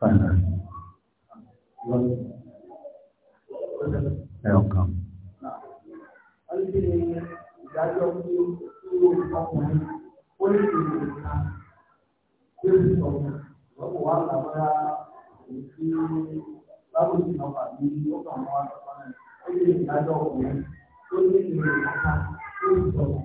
fàánà ẹ̀rọ kan. Ìdájọ́ tí ó ń ọkùnrin ó lè ṣe ìrìnà tí ó sì sọ̀rọ̀ lọ́pọ̀ wá lábára èyí tí báwo sì náà pàdé ó kà mọ́ àtọ́kọ́ náà ó lè ìdájọ́ ọkùnrin ó lè ṣe ìrìnà tí ó sì sọ̀rọ̀.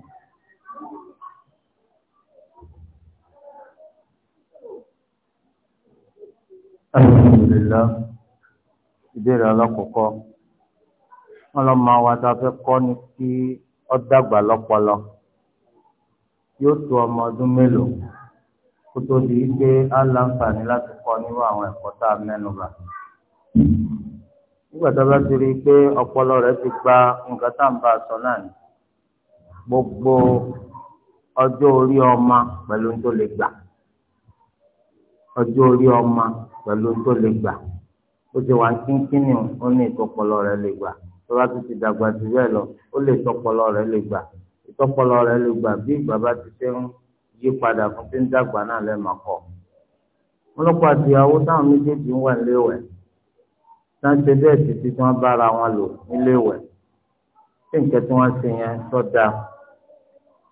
alhamdulilah ìbéèrè alákọ̀ọ́kọ́ wọn lọ máa wá tá a fẹ́ kọ́ ni kí ọ dàgbà lọ́pọlọ tó ọmọ ọdún mélòó kó tó di pé á láǹfààní láti kọ́ nínú àwọn ẹ̀kọ́ tá a mẹ́nu nígbà tá a bá rí pé ọpọlọ rẹ ti gba nǹkan tá à gbogbo ọjọ́ orí pẹ̀lú tó ọjọ́ orí ọmọ pẹ̀lú tó lè gbà ó ti wà kínkínní ó ní ìtọ́pọlọ rẹ̀ lè gbà tó bá tún ti dàgbà jù bẹ́ẹ̀ lọ ó lè tọ́pọlọ rẹ̀ lè gbà ìtọ́pọlọ rẹ̀ lè gbà bí bàbá ti ṣe ń yí padà fún tí ń dàgbà náà lẹ́ẹ̀mọ́ kọ́ ọlọ́pàá àti ìyàwó táwọn méjèèjì ń wà níléèwẹ̀ tá ṣe bẹ́ẹ̀ títí tí wọ́n bára wọn lò níléèwẹ̀ tí nǹkan tí wọ́n ṣe yẹn tọ́ da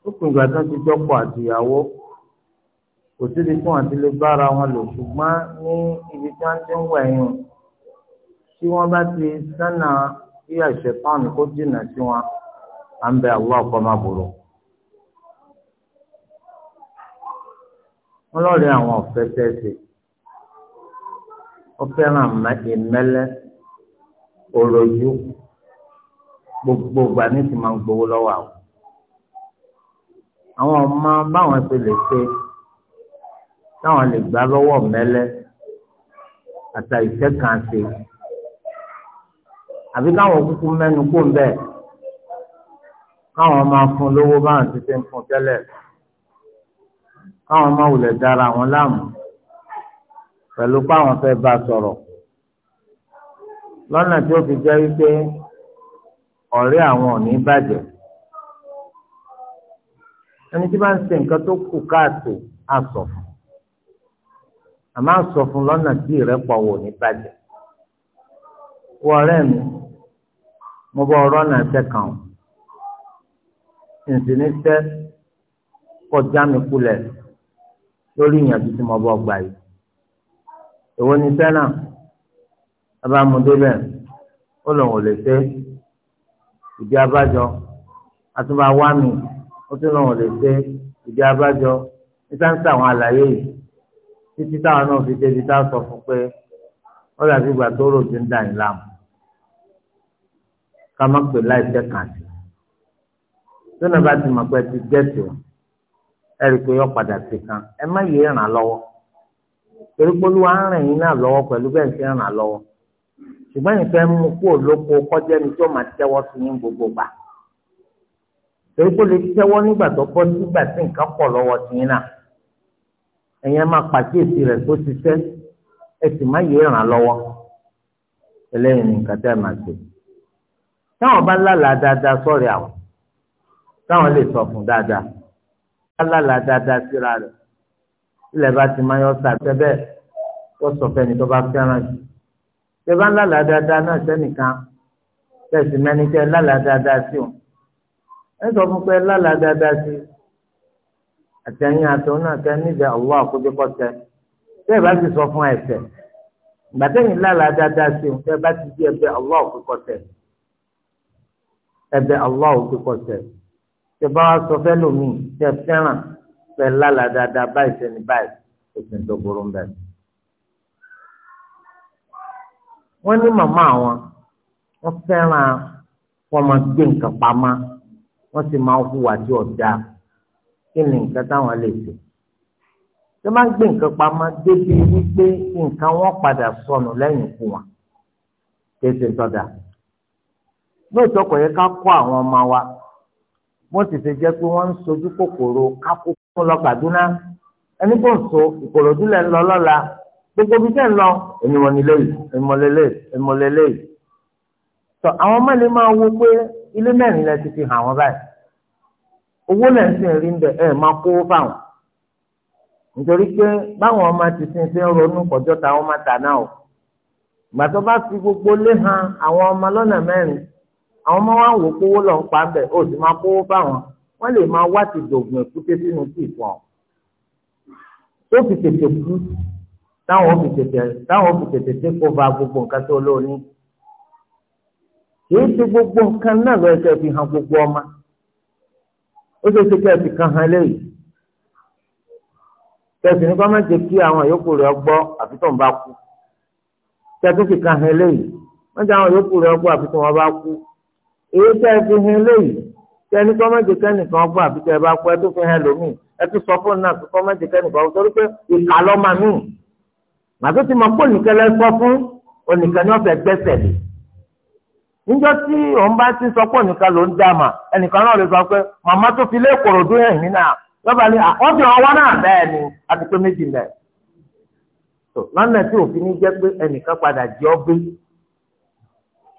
ó kùn ìgbà tó ti jọ́pọ̀ àti ìyàwó kò síbi tí wọ́n ti lè bára wọn lò ṣùgbọ́n ní ibi tí wọ́n ti ń wẹ̀ yín tí wọ́n bá ti sánà bí àṣepọ́n kó jìnnà sí wọn à ń bẹ àwọn ọkọ̀ máa bòrò. wọ́n lọ́ọ̀rẹ́ àwọn ọ̀fẹ́ tẹ́sí wọ́n fẹ́ràn ìmẹ́lẹ́ òròjú gbogbo ìgbà ní ti máa ń gbowó lọ́wọ́ àwọn. ọmọ báwọn ṣe lè ṣe táwọn lè gbà lọ́wọ́ mẹ́lẹ́ àtà ìṣe kan ṣe àbí káwọn kúkú mẹ́nu kó ń bẹ̀ káwọn máa fún lówó báwọn ti ṣe ń fún tẹ́lẹ̀ káwọn máa wulẹ̀ dára wọn láàmú pẹ̀lú káwọn fẹ́ bá sọ̀rọ̀ lọ́nà tí ó fi jẹ́ wípé ọ̀rẹ́ àwọn ò ní bàjẹ́ ẹni tí bá ń ṣe nǹkan tó kù káàtó àsọ̀fún a máa sọ fún lọ́nà tí ìrẹ́pọ̀ wò ní bàjẹ́ wọ ọ̀rẹ́ mi mo bọ ọ̀rọ̀ náà tẹ kàn ọ́ ǹsìn ní tẹ́ kọjá mi kulẹ̀ lórí ìyànjú tí mo bọ́ gbà yìí èwo ni tẹ́ náà abámudé bẹ́ẹ̀ ó lòun ò lè ṣe ìdí abájọ àtúbà wá mi ó tún lòun ò lè ṣe ìdí abájọ níta ń àlàyé yìí. títí táwọn náà fi débi tá a sọ fún pé ó dàbí ìgbà tó rò ti ń dà yín láàmú ká má pè láìpẹ́ kàn sí bá yọ padà sí kan ẹ má yé ràn lọ́wọ́ torí pé olúwa ń ràn yín náà lọ́wọ́ pẹ̀lú bẹ́ẹ̀ sí ràn lọ́wọ́ ṣùgbọ́n ìfẹ́ mú kọjá ẹni máa tẹ́wọ́ sí ní gbogbo gbà torí pé lè tẹ́wọ́ nígbà tó ẹ̀yin máa pàkíyèsí rẹ̀ tó ṣiṣẹ́ ẹ sì má yẹ ràn án lọ́wọ́ eléyìí ni nǹkan tẹ́ ẹ máa ṣe táwọn bá lálàá dáadáa sọ̀rọ̀ àwọn táwọn lè sọ fún dáadáa bá lálàá dáadáa síra rẹ̀ ilẹ̀ bá ti máa yọ sàtẹ́ bẹ́ẹ̀ wọ́n sọ fẹ́ni tó bá fẹ́ràn jù tẹ́ bá lálàá dáadáa náà sẹ́nìkan tẹ̀sí mẹ́ni tẹ́ lálàá dáadáa sí òun ẹ sọ fún pé lálàá dáadáa sí òun àtẹ̀yìn àtọ̀ náà tẹ níbẹ̀ ọ̀wọ́ àkójọpọ̀ tẹ tẹ́ ẹ bá ti sọ fún ẹsẹ̀ gbàtẹ́yìn lálàá dáadáa sí òun tẹ́ ẹ bá ti di ẹ̀bẹ̀ ọ̀wọ́ àkójọpọ̀ tẹ ẹ̀bẹ̀ ọ̀wọ́ àkójọpọ̀ tẹ tẹ́ bá wa sọ fẹ́ lómi tẹ́ fẹ́ràn fẹ́ lálàá dáadáa báyìí sẹ́ni báyìí òsì tó burú bẹ́ẹ̀. wọ́n ní màmá wọn wọ́n fẹ́ràn wọn máa gbé nǹkan pamọ́ wọ́n sì máa hùwà tí ọ̀dà kí ni nǹkan táwọn lè ṣe tó máa ń gbé nǹkan pamọ́ débi wípé nǹkan wọn padà sọnù lẹ́yìn ikú wọn tètè tọ́da lóòótọ́ kò yẹ ká kọ́ àwọn ọmọ wa wọ́n ti ṣe jẹ́ pé wọ́n ń sojú kòkòrò kápó fún lọ ẹni kò ń so Ìkòròdú lẹ́ ń lọ lọ́la gbogbo bí tẹ́ ń lọ ènìwọ̀n nílé yìí ènìmọ̀lélé ènìmọ̀lélé àwọn ọmọ ilé máa wo pé ilé mẹ́rin lẹ ti fi hàn wọ́n báyìí owó si ń sìn rí ń bẹ̀ ẹ̀ máa kó fáwọn nítorí pé báwọn ọmọ ti sin ṣe ń ronú kọjọ́ ta na tà náà o ìgbà tó gbogbo lé han àwọn ọmọ lọ́nà mẹ́rin àwọn ọmọ wa ń wò kówó lọ ń pa ń bẹ̀ ó sì máa kówó fáwọn wọ́n lè máa wá ti dògùn sínú fún ọ tó fi tètè kú táwọn fi tètè táwọn fi tètè dé kó gbogbo nǹkan tó lóní kì í ti gbogbo gbogbo ọmọ. ó ṣe ṣe kẹ́ẹ̀sì kan hàn léyìí kẹ́ẹ̀sì ní kọ́ máa jẹ́ kí àwọn yòókù rẹ̀ gbọ́ àfi tó ń bá kú kẹ́ẹ̀sì fi kan hàn léyìí wọ́n jẹ́ àwọn yòókù rẹ̀ gbọ́ àfi tó wọ́n bá kú èyí tẹ́ ẹ fi hàn léyìí tẹ́ ẹni kọ́ kẹ́nìkan gbọ́ àfi tẹ́ ẹ bá kú ẹ tó fi hàn lómi ẹ tó sọ fún náà kọ́ máa jẹ́ torí pé ìkà lọ́ọ́ máa mí màtó ti mọ pé ònìkẹ́ ni wọ́n fẹ́ gbẹ́sẹ̀ níjọ́ tí òun bá ti sọ pé nìkan ló ń dá mà ẹnìkan náà lè sọ pé màmá tó fi lé Ìkòròdú hàn ní náà lọ́ba ni ọ̀dọ̀ ọwọ́ náà bẹ́ẹ̀ ni àti méjì lọ́nà tí òfin ní jẹ́ pé ẹnìkan padà jẹ́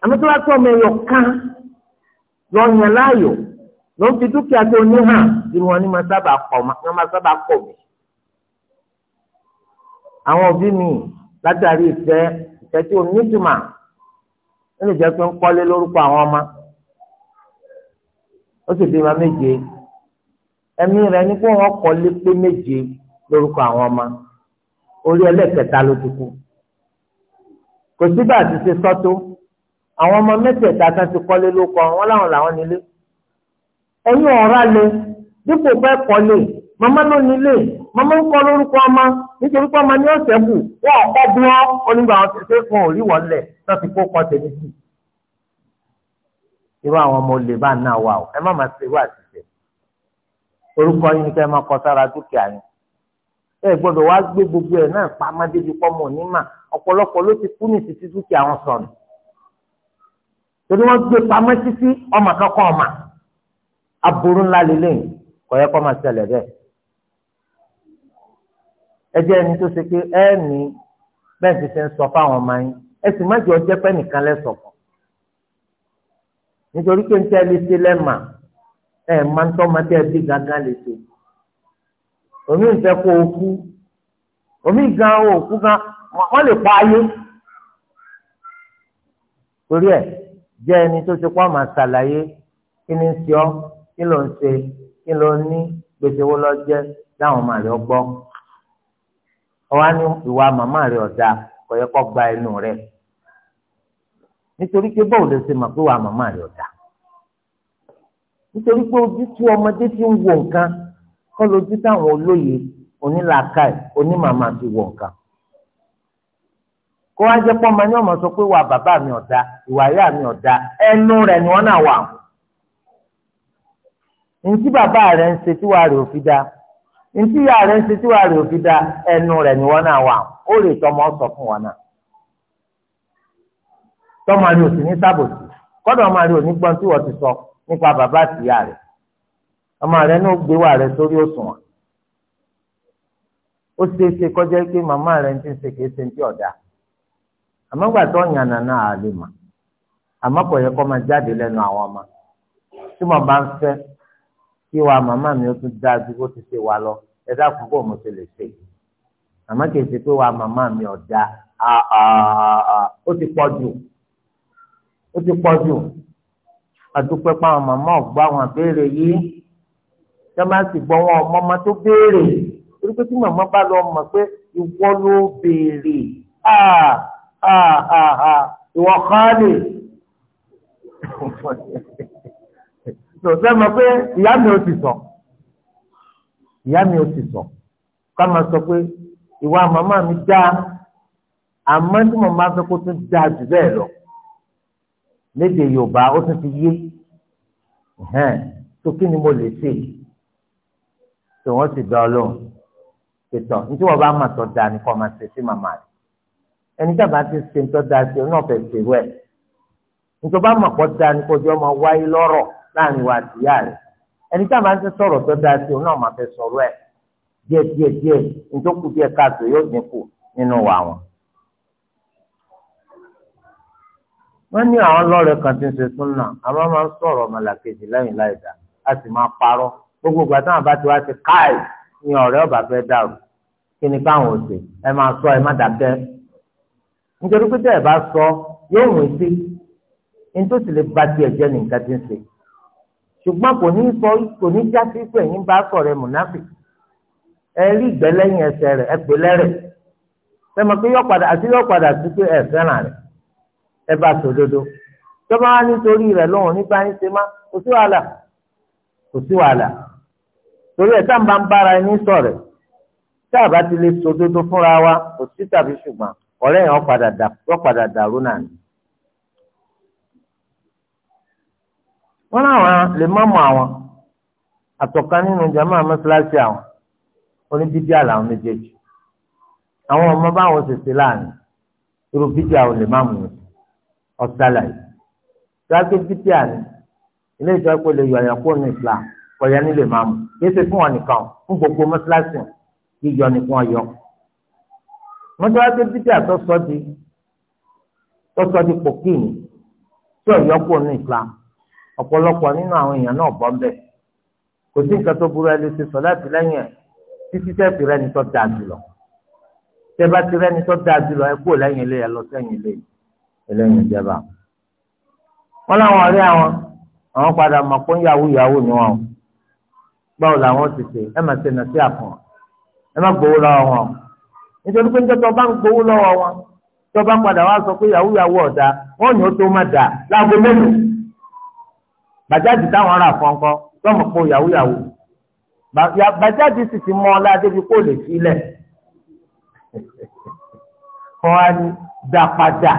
àmì tó bá ọmọ kan lọ yàn láàyò ló fi ní hàn ó lè jẹ́ pé ń kọ́lé lórúkọ àwọn ọmọ ó sì bímọ méje ẹ̀mí rẹ̀ ní kó wọ́n kọ́lé pé méje lórúkọ àwọn ọmọ orí ẹlẹ́kẹta ló ti kú kò sígbà tí ṣe sọ́tó àwọn ọmọ mẹ́tẹ̀ẹ̀ta kan ti kọ́lé lórúkọ wọn láwọn làwọn nílé ẹ̀yin ọ̀rá le dípò fẹ́ kọ́lé màmá ló nílé màmá ń kọ́ lórúkọ ọmọ nítorí pé ọmọ ní ọ̀sẹ̀ bù wọ́n ọ̀pọ̀ bí wọ́n onígbà wọn ṣe fún òrí wọlé náà ti kó kọ́ tẹ̀lé sí. irú àwọn ọmọ olè bá náà wà ó ẹ má máa ṣe irú àṣìṣe orúkọ yín ni kẹ́ ẹ máa kọ sára dúkìá yín ẹ gbọ́dọ̀ wá gbé gbogbo ẹ̀ náà pamọ́ débi pọ́ mọ̀ nímà ọ̀pọ̀lọpọ̀ ló ti kú ní títí dúkìá wọn sọnù torí wọ́n gbé pamọ́ títí ọmọ kankan ọmọ aburú ńlá ẹ jẹ́ ẹni tó ṣe pé ẹ ní bẹ́ẹ̀ ti ṣe ń sọ fáwọn ọmọ yín ẹ sì má jẹ́ ọjẹ́ pẹ́ nìkan lẹ́sọ̀ kan nítorí pé ń tẹ́ ẹ lè ṣe lẹ́mà ẹ máa ń tọ́ máa tẹ́ ẹ bí gángan lè ṣe omi ń fẹ́ kó o kú omi gan o kú gan wọ́n lè pa ayé torí ẹ jẹ́ ẹni tó ṣe pọ́ máa ṣàlàyé kí ni ń ṣe ọ́ kí ló ń ṣe kí ló ń ní gbèsè wo jẹ́ láwọn ọmọ rẹ̀ ọgbọ́n ọwọ́ ní ìwà màmá rẹ̀ ọ̀dà kọ̀yẹ́ kọ́ gba ẹnu rẹ̀ nítorí pé bọ́ọ̀ lè ṣe mọ̀ pé ìwà màmá rẹ̀ ọ̀dà nítorí pé ojú tí ọmọdé fi ń wo nǹkan kọ́ lójú táwọn olóye onílàákàyè onímàmá fi wo nǹkan kó wá jẹ́ pọ́ ọmọ ní ọmọ sọ pé ìwà bàbá mi ọ̀dà ìwà ìyá mi ọ̀dà ẹnu rẹ̀ ni wọ́n náà wà ntí bàbá rẹ̀ ń ṣe tí wàá rè ó fi dáa ntí ya rẹ̀ ń ṣe tí wàá rè òfin da ẹnu rẹ ni náà wà ó lè fún wọn náà tọmọ ò ní ọmọ rẹ̀ ò ní gbọ́n tí ti sọ nípa bàbá àti ìyá ọmọ gbé sórí ó ṣe é kọjá pé màmá ń ti ṣe kìí ṣe ti ọ̀dà àmọ́ gbà tó yàn nànà mà kò yẹ kó jáde àwọn ẹ dákun kó mo ti lè ṣe àmọ́ kì í ṣe pé wa màmá mi ọ̀dà ó ti pọ̀ jù ó ti pọ̀ jù àdúpẹ́ pa àwọn màmá ọ̀gbọ́ àwọn àbẹ́rẹ́ yìí tí wọ́n bá sì gbọ́ wọn ọmọ ọmọ tó béèrè torí pé tí màmá bá lọ mọ̀ pé ìwọ ló béèrè ìwọ kan lè sọ̀tẹ́ mọ̀ pé ìyá mi ò ti sọ. So, ìyá mi ò sì sọ ká máa sọ pé ìwà màmá mi dá àmọ́ tí mo máa fẹ́ kó tún dá jù bẹ́ẹ̀ lọ lédè Yorùbá ó tún ti yé tó kí ni mo lè ṣe tó wọ́n sì dá ọ lóhùn ètò nítorí wọn bá mà tó da ni kò máa ṣe sí màmá rẹ ẹni tí a bá ti ṣe tó da sí ọ náà fẹ́ ṣe wẹ̀ nítorí wọn bá mà pọ̀ da ni kò jọ máa wáyé lọ́rọ̀ láàrin wa àti ìyá rẹ ẹni tá a máa ń tẹ sọ̀rọ̀ tó dáa sí òun náà máa fẹ́ sọ̀rọ̀ ẹ̀ díẹ̀ díẹ̀ díẹ̀ nítòkù díẹ̀ káàtó yóò dínkù nínú wa wọn. wọ́n ní àwọn lọ́rẹ̀ẹ́ kan tí ń ṣe súnà àwọn máa ń sọ̀rọ̀ ọmọlàkejì lẹ́yìn láìda a sì máa parọ́ gbogbo ìgbà táwọn bá ti wá ṣe káì ní ọ̀rẹ́ ọ̀bà fẹ́ dàrú kí ni káwọn ò ṣe ẹ máa sọ ẹ má dàbẹ́ nítorí pé tẹ́ ẹ bá sọ yóò mú sí ní tó sì lè ba tiẹ̀ jẹ́ nìkan tí ń ṣe. ṣùgbọ́n kò ní sọ kò ní já sí pé ẹ̀yin bá sọ̀rọ̀ ẹ̀ mùnáfì ẹ rí ìgbẹ́ lẹ́yìn ẹsẹ̀ rẹ̀ ẹ pè lẹ́rẹ̀ sẹ́mi pé yọ̀padà àti yọ̀padà sí pé ẹ fẹ́ràn rẹ̀ ẹ bá sòdodo tọ́ba nítorí rẹ̀ lọ́wọ́ nípa ṣe má kò sí wàhálà kò sí wàhálà torí ẹ̀ tá à ń bá ń bára ẹni tá a wa kò sí tàbí ṣùgbọ́n ọ̀rẹ́ yẹn ọ̀padà dàrú wọn làwọn lè má mọ àwọn àtọ̀kan nínú jama mọ́sálásí àwọn oníbíbí àlàwọn méjèèjì àwọn ọmọ báwọn ṣèṣe láàrin irú bíbí àwọn lè má mú un ọ̀sálà yìí gbàgbé bíbí àní ilé ìjọba pé lè yọ àyànkó ní Islam kọ̀yà nílé má mú kí ṣe fún wọn nìkan fún gbogbo mọ́sálásí yíyọ nìkan yọ mọ́sálásí bíbí àtọ́sọ́ di tọ́sọ́ di pòkì ní tí ọ̀yọ́kó ní Islam ọ̀pọ̀lọpọ̀ nínú àwọn èèyàn náà bọ́ mbẹ́ kò sí nǹkan tó burú ẹni ṣe sọ láti lẹ́yìn ẹ̀ títí tẹ́ẹ̀tì rẹ ni tó dáa jùlọ tẹ́ẹ̀ bá ti rẹ ni tó dáa jùlọ ẹ kúrò lẹ́yìn ilé ẹ lọ sẹ́yìn ilé ẹlẹ́yìn ìjẹba. wọ́n láwọn ọ̀rẹ́ àwọn àwọn padà mọ̀ pé yahoo yahoo ni wọn o báwo làwọn ti ṣe ẹ máa ṣe nà sí àfọ̀n ẹ má gbowó lọ́wọ́ wọn nítorí pé níjọ́ tó bá ń gbowó lọ́wọ́ wọn tó bá padà wá sọ pé yahoo yahoo ọ̀dà wọ́n ní ó tó má dà láago mélòó bàjáde táwọn ará fọ́nkọ́ lọ́mọ pé yahoo yahoo bàjáde sì ti mọ ọládé bí kò lè sílẹ̀ wọ́n á ní dá padà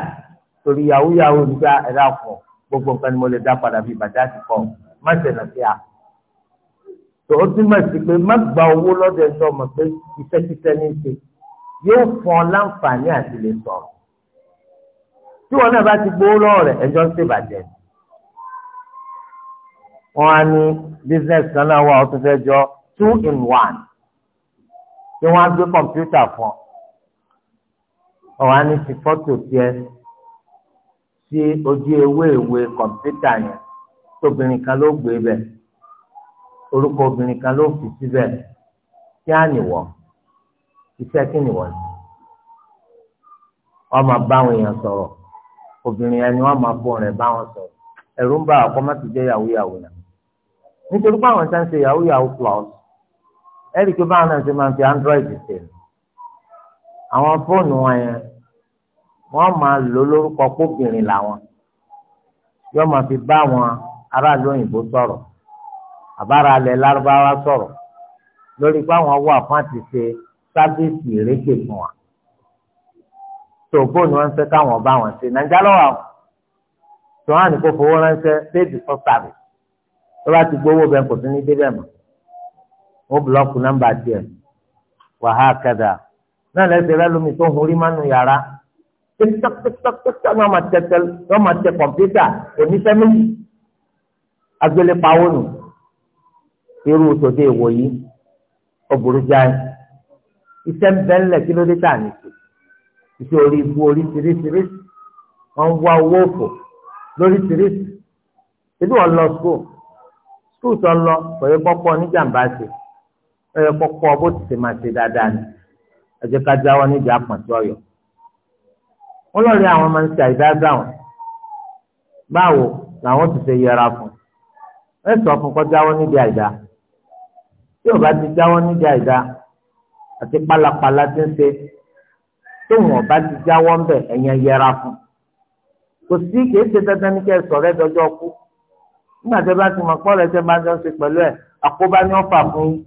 torí yahoo yahoo nígbà ẹ̀rá fún gbogbo nǹkan ni mo lè dá padà bí bàjáde kọ́ má ṣẹlẹ̀ sí a tó o túmọ̀ sí pé má gba owó lọ́dọ̀ ẹ̀ṣọ́ mọ̀ pé iṣẹ́kíṣẹ́ ní í ṣe yóò fún ọ láǹfààní àti lè sọ̀rọ̀ tí wọn náà bá ti gbowó lọ́wọ́ rẹ̀ ẹjọ́ ń ṣèbàjẹ́ ni wọ́n á ní business kan náà wà ó tún jọ two in one tí wọ́n á gbé kọ̀mpútà fún ọ wọ́n á ní ti fọ́tò tiẹ̀ sí ojú ewé ìwé kọ̀mpútà yẹn tóbìnrin kan ló gbé bẹ̀ orúkọ obìnrin kan ló fi síbẹ̀ kí á nìwọ̀ iṣẹ́ kí nìwọ̀ ni wọ́n máa bá àwọn èèyàn sọ̀rọ̀ obìnrin ẹni wọ́n máa fọ rẹ̀ bá wọn sọ̀rọ̀ ẹ̀rù ń bá àkọ́mọ́tì yàwó yàwó náà nítorí pé àwọn sáńsẹ yahoo yahoo plus ẹ̀rí pé báwọn náà ṣe máa ń fi android ṣe àwọn fóònù wọn yẹn wọ́n máa lò lórúkọ pókìnrin làwọn yóò máa fi bá àwọn aráàlú òyìnbó sọ̀rọ̀ àbára alẹ̀ lárúbáwá sọ̀rọ̀ lórí pé àwọn wà fún àti ṣe sábẹ́sì ìrẹ́kè fún wa tó fóònù wọn ń fẹ́ káwọn bá wọn ṣe nàìjíríà lọ́wọ́ àwọn tó hàn ní kó fowó ránṣẹ́ pay before service tó bá ti gbowó bẹ́ẹ̀ kò tún ní débẹ̀ mọ́ wọ́n búlọ́ọ̀kù nọ́mbà tiẹ̀ wàhálà kẹta náà lẹ́sẹ̀ rẹ lómi tó ń horí mánu yàrá tẹ́tẹ́tẹ́tẹ́tẹ́ náà máa tẹ́tẹ́ náà máa tẹ kọ̀mpútà oníṣẹ́ méjì agbélépawo nù irú tòde ìwò yìí ọ̀bùrú jáì iṣẹ́ ń bẹ́ ńlẹ̀ kí ló dé tà ní sí iṣẹ́ orí ibu oríṣiríṣiríṣi ń wá owó òfò lóríṣiríṣi ṣé bí lọ sùkúl tó sọ lọ pẹ̀lú pọ́pọ́ níjàmbá ṣe pẹ̀lú bó ti ṣe máa ṣe dáadáa ni ẹ̀jẹ̀ ká jáwọ́ níbi àpọ̀ntì ọ̀yọ́. wọ́n lọ rí àwọn máa ń ṣe àìdáadáa wọn báwo làwọn ti ṣe yẹra fún ẹ sọ fún kọ́ jáwọ́ níbi àìdá tí ò bá ti jáwọ́ níbi àìdá àti pálapàla ti ń ṣe tó wọn bá ti jáwọ́ ń bẹ̀ ẹ̀yẹn yẹra fún kò sí kìí ṣe dandan ní kẹ́ ẹ sọ̀rọ̀ ẹ kú nígbà tẹ́ bá ti mọ̀ pọ́ rẹ̀ tẹ́ bá jọ ṣe pẹ̀lú ẹ̀ àkóbá ni wọ́n fà fún yín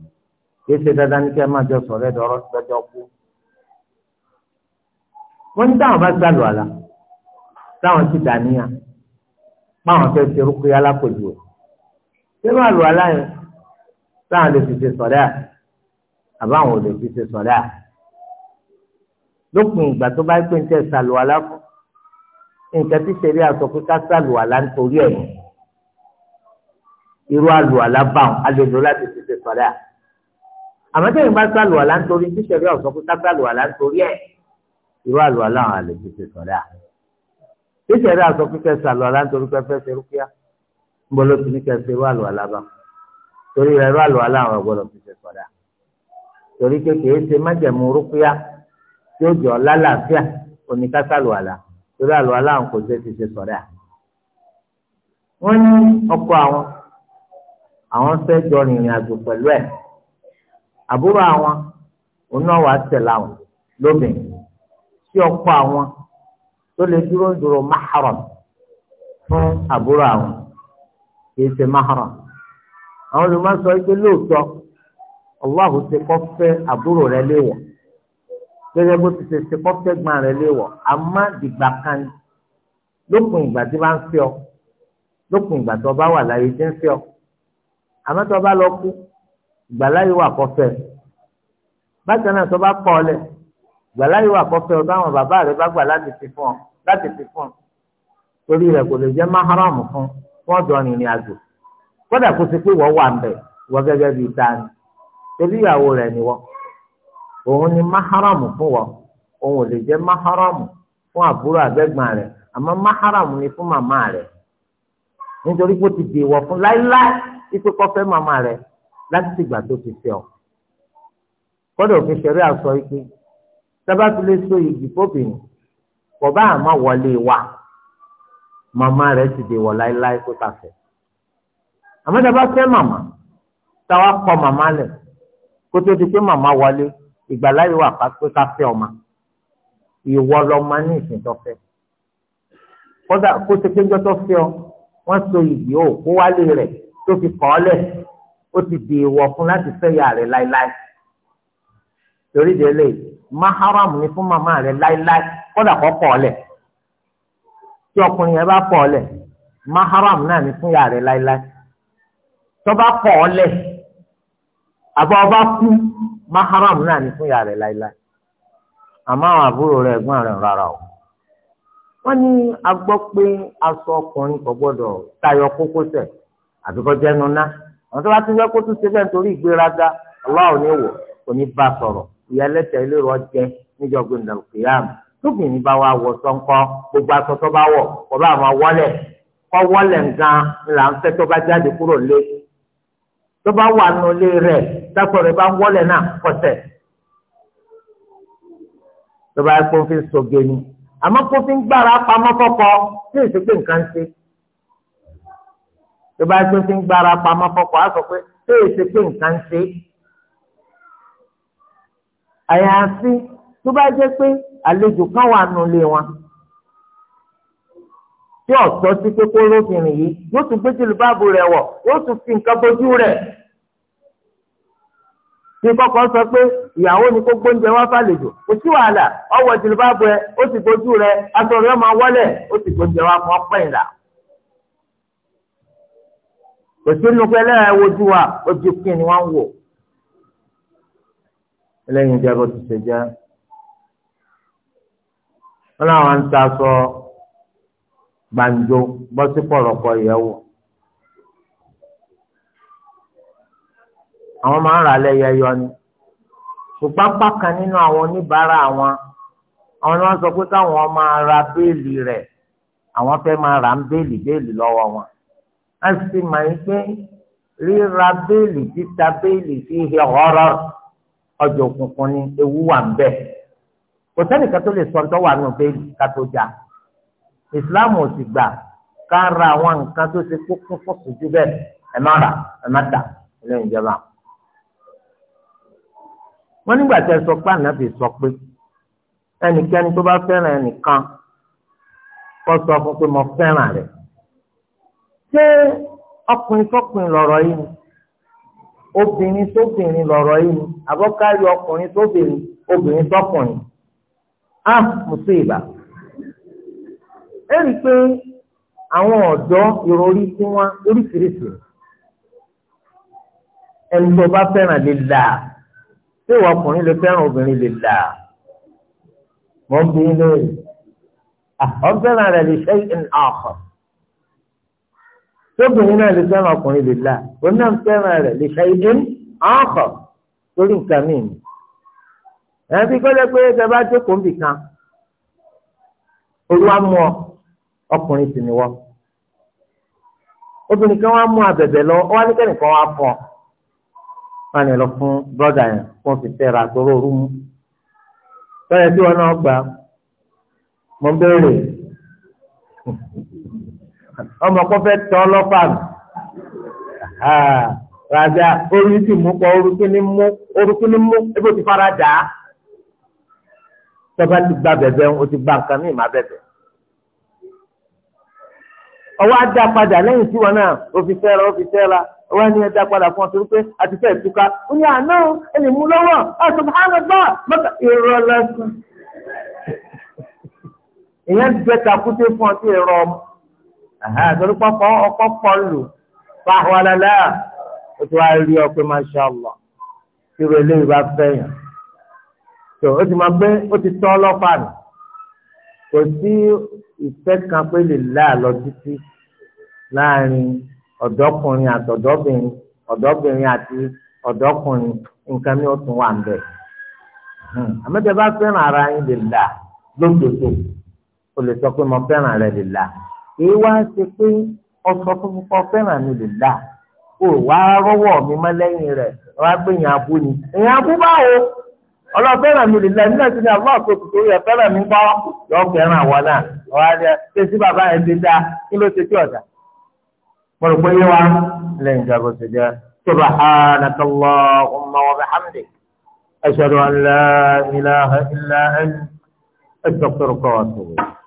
kì í ṣe dandan ní kí ẹ máa jọ sọ̀rọ̀ ẹ̀ dọ̀rọ̀ lọ́jọ́ kú. wọ́n ní táwọn bá sálù àlà táwọn ti dàníyà máwọn fẹ́ ṣe rúkú yálà kò jù ẹ̀. ṣé wàá lù àlà yẹn táwọn lè fi ṣe sọ̀rọ̀ ẹ̀ àbáwọn ò lè fi ṣe sọ̀rọ̀ ẹ̀. lópin ìgbà tó bá pè ń tẹ̀ sálù àlà fún irú àlùwàlá báwọn alèlò láti fi ṣe sọ̀rọ̀ à. àmọ́ tẹ́yìn bá sọ àlùwàlá nítorí tíṣẹ̀rí ọ̀sán kó sábà àlùwàlá nítorí ẹ̀ irú àlùwàlá àwọn àlè fi ṣe sọ̀rọ̀ à. tíṣẹ̀rí ọ̀sán kó fẹ́ sọ àlùwàlá nítorí pé fẹ́ ṣe rúkìá ń bọ́ ló ti ní kẹsẹ̀ irú àlùwàlá bá torí rẹ̀ irú àlùwàlá àwọn ọ̀gbọ́dọ̀ fi ṣe sọ̀rọ̀ à. torí kékeré ṣe májẹ̀mú wọ́n ní ọkọ àwọn àwọn fẹ́ jọ rìnrìn àjò pẹ̀lú ẹ̀ àbúrò àwọn òun náà wàá tẹ̀lé àwọn lóbìnrin tí ọkọ àwọn tó lè dúró dúró mahram fún àbúrò àwọn kìí ṣe mahram àwọn olùmọ̀ sọ pé lóòótọ́ Allahu ti kọ́ fẹ́ àbúrò rẹ̀ léwọ̀ gẹ́gẹ́ bó ti ṣe ṣe kọ́ fẹ́ gbọ́n rẹ̀ léwọ̀ àmọ́ dìgbà kan lópin ìgbà tí bá ń fẹ́ ọ lópin ìgbà tó bá wà láyé tí ń fẹ́ ọ àmọ́ tó bá lọ kú gbàláyé wà kọfẹ́ bákan náà tó bá kọ́ ọ lẹ̀ gbàláyé wà kọfẹ́ ọ táwọn bàbá rẹ bá gbà láti fi fún ọ láti fi fún ọ torí rẹ kò lè jẹ́ máhárọ̀mù fún fún ọ̀dọ́ ìrìn àjò kódà kó ti pé wọ́n wà mbẹ̀ wọ́n gẹ́gẹ́ bíi tani torí ìyàwó rẹ̀ ni wọ́n òun ni máhárọ̀mù fún wọn òun ò lè jẹ́ máhárọ̀mù fún àbúrò àbẹ́gbọ̀n rẹ̀ àmọ́ máhárọ̀mù ni fún màmá rẹ̀ nítorí pé ó ti dèwọ̀ fún láíláí ipe kọfẹ mama rẹ láti tìgbà tó ti fẹ́ ọ kọdọ òfin ṣẹlẹ àṣọ ike sábàtúlẹ sọ igi fóbìnrin kọba àmọ́ wọlé wa màmá rẹ ti dè wọ láéláé kó ta fẹ́ àmọ́ tá a bá fẹ́ màmá táwa kọ màmá lẹ kó tó di pé màmá wọlé ìgbàláyé wà pé ká fẹ́ ọmọ ìwọ lọmọ ní ìsìn tó fẹ́ kódà kó tó tó fẹ́ ọ wọn so igi ó kó wálé rẹ. tó fi kọ́ ọ́ lẹ̀ ó ti di ìwọ̀ fún láti fẹ́ ìyá rẹ̀ láéláé torí délé maharam ni fún màmá rẹ̀ láéláé kódà kọ́ kọ́ lẹ̀ tí ọkùnrin yẹn bá kọ́ lẹ̀ maharam náà ni fún ìyá rẹ̀ láéláé tó bá kọ́ ọ́ lẹ̀ àbọ̀ ọba kú maharam náà ni fún ìyá rẹ̀ láéláé àmọ́ àwọn àbúrò rẹ̀ ẹ̀gbọ́n rẹ̀ rárá o wọ́n ní a gbọ́ pé aṣọ ọkùnrin kò gbọ́dọ̀ tayọ kókósẹ̀ àbíkọ́jẹ́ nuná àwọn tó bá ti wẹ́ kó tún ṣe bẹ́ẹ̀ nítorí ìgbéraga ọlọ́wọ́ ní wò kò ní bá sọ̀rọ̀ ìyálẹ́tẹ̀ ilé rọ jẹ níjọ́ gbẹ̀ndàlù kìyàmù bá wa wọ sọ́nkọ́ gbogbo aṣọ tó bá wọ̀ kó bá àwọn wọlé kọ́ wọlé nǹkan là ń fẹ́ tó bá jáde kúrò lé tó bá wà nù lé rẹ̀ dákọ̀ rẹ̀ bá ń wọlé náà kọsẹ̀ tó bá kó fi sọ̀gẹ̀ ni àmọ́ kó fi ń gbára pamọ́ fọ́kọ tí èsì tó bá tó ti ń gbára pamọ́ fọkọ̀ á sọ pé tó yẹ ṣe pé nǹkan ṣe. àyàfi tó bá jẹ́ pé àlejò kan wà nulẹ̀ wọn tí ọ̀sọ́ sí pé kó lóbìnrin yìí yóò tún gbé jìlúbáàbù rẹ̀ wọ̀ yóò tún fi nǹkan bójú rẹ̀. Bí kọ́kọ́ sọ pé ìyàwó ni kó gbóúnjẹ wá fàlejò, kò sí wàhálà, ọwọ́ jìlúbáàbù ẹ, ó sì bójú rẹ̀, aṣọ rẹ̀ máa wọ́lẹ̀, ó sì gbóúnjẹ wá fún ọpẹ́ ìlà kò sínú pé ẹlẹ́yà wojú wa ojú kí ni wọ́n ń wò ẹlẹ́yìn ìjábọ̀ ti ṣe jẹ́ wọn làwọn ń ta sọ gbàǹjo bọ́ sí pọ̀lọpọ̀ ìyẹ̀wò àwọn máa ń rà lẹ́yẹ yọ ni ṣùgbọ́n pàkan nínú àwọn oníbàárà àwọn àwọn ni wọ́n sọ pé káwọn máa ra béèlì rẹ̀ àwọn fẹ́ máa rà ń béèlì béèlì lọ́wọ́ wọn a sì mà ń pé ríra béèlì títa béèlì sí ihe ọ̀rọ̀ ọjọ́ òkùnkùn ni ewu wà ń bẹ̀. kò sẹ́nìkan tó lè sọ ọ́ wà nù béèlì ká tó jà islam ò sì gbà ká ra àwọn nǹkan tó ṣe kókó fọ́ọ̀kù jù bẹ́ẹ̀ ẹ má rà ẹ má tà ilé ìjọba. wọ́n nígbà tí ẹ sọ pé ànábì sọ pé ẹnikẹ́ni tó bá fẹ́ràn ẹnìkan kó sọ fún pé mo fẹ́ràn rẹ̀ ṣé ọkùnrin sọ́kùnrin lọ̀rọ̀ yìí ni obìnrin sóbìnrin lọ̀rọ̀ yìí ni àbọ̀kárí ọkùnrin sóbìnrin obìnrin sọ́kùnrin á mùsùn ìbà. ẹ rí i pé àwọn ọ̀dọ́ ìròrí tí wọ́n oríṣiríṣi ẹni tó bá fẹ́ràn lè là ṣé ìwà ọkùnrin lè fẹ́ràn obìnrin lè là mọ̀ bí lóore ọ̀fẹ́ràn rẹ̀ lè ṣe é ní àkọ́ tóbìnrin náà lè fẹ́ràn ọkùnrin lè la òun náà fẹ́ràn rẹ̀ lè ṣe ìdí ọ̀họ̀ lórí nǹkan mìíràn ẹ̀ fi kọ́lẹ́ pé ẹ bá jókòó nbì kan olúwa mú ọ ọkùnrin sì ni wọ́n obìnrin kan wá mú abẹ̀bẹ̀ lọ wọ́n á ní kẹ́nìkan wá fọ́ ọ wọ́n á ní lọ fún bọ́dà yẹn kó fi tẹ́ra àtọ́rọ́ òru mú tọ́yẹ tí wọ́n náà gbà mọ́ bẹ́ẹ̀rẹ̀ ọmọ kọ́ fẹ́ tọ́ ọlọ́pàá mi ràdà orí ti mú pọ̀ orúkú ni mú orúkú ni mú ebó ti fara dà á tọ́ba ti gba bẹ̀bẹ̀ o ti gba nǹkan míì má bẹ̀bẹ̀ ọwọ́ adá padà lẹ́yìn tí wọn náà ó fi fẹ́ ra ó fi fẹ́ ra ọwọ́ ẹni ẹ̀dá padà fún ọ torí pé àti fẹ́ ìtúká ó ní àná ẹni mú lọ́wọ́ ẹ̀sùn hánà gbà mọ́tà ìrọ̀ lẹ́sùn ìyẹn ti fẹ́ takúté fún ọtí ìrọ̀ ọmọ àtọ́rí pọ́pọ́ ọkọ́ pọ́ lù fáwọlẹ́lẹ́ o ti wá rí ọ pé masha allah tí o lè bá fẹ́yàn tó o ti máa gbé o ti tọ́ ọlọ́pàá nù kò sí ìfẹ́ kan pé lè lá lọ títí láàrin ọ̀dọ́kùnrin àtọ̀dọ́bìnrin ọ̀dọ́bìnrin àti ọ̀dọ́kùnrin nǹkan ní ọ̀tún wà ń bẹ̀. Hmm, àmọ́tẹ́ bá fẹ́ràn ara yín lè là lódodo o lè sọ pé mo fẹ́ràn rẹ lè là èyí wá ń ṣe pé ọsọ fún mi kọ fẹ́ràn mi lè dà o wá rọ́wọ́ mi mọ́ lẹ́yìn rẹ̀ wá gbẹ̀yìn abú ni èyàn abú báwo ọlọ́fẹ́ràn mi lè dà nínú ẹ̀sìn ní àbúrò àkókò tó yẹ fẹ́ràn mi kọ́ yọ fẹ́ràn àwọn náà wá rẹ ṣé sí bàbá yẹn ti dá kí ló ṣe tí ọ̀dà mo rò pé yé wa lẹ́yìn tí a kò ṣe jẹ́ subhanaka Allahumma wa bihamdik ashhadu an la ilaha illa anta astaghfiruka wa atubu ilayk.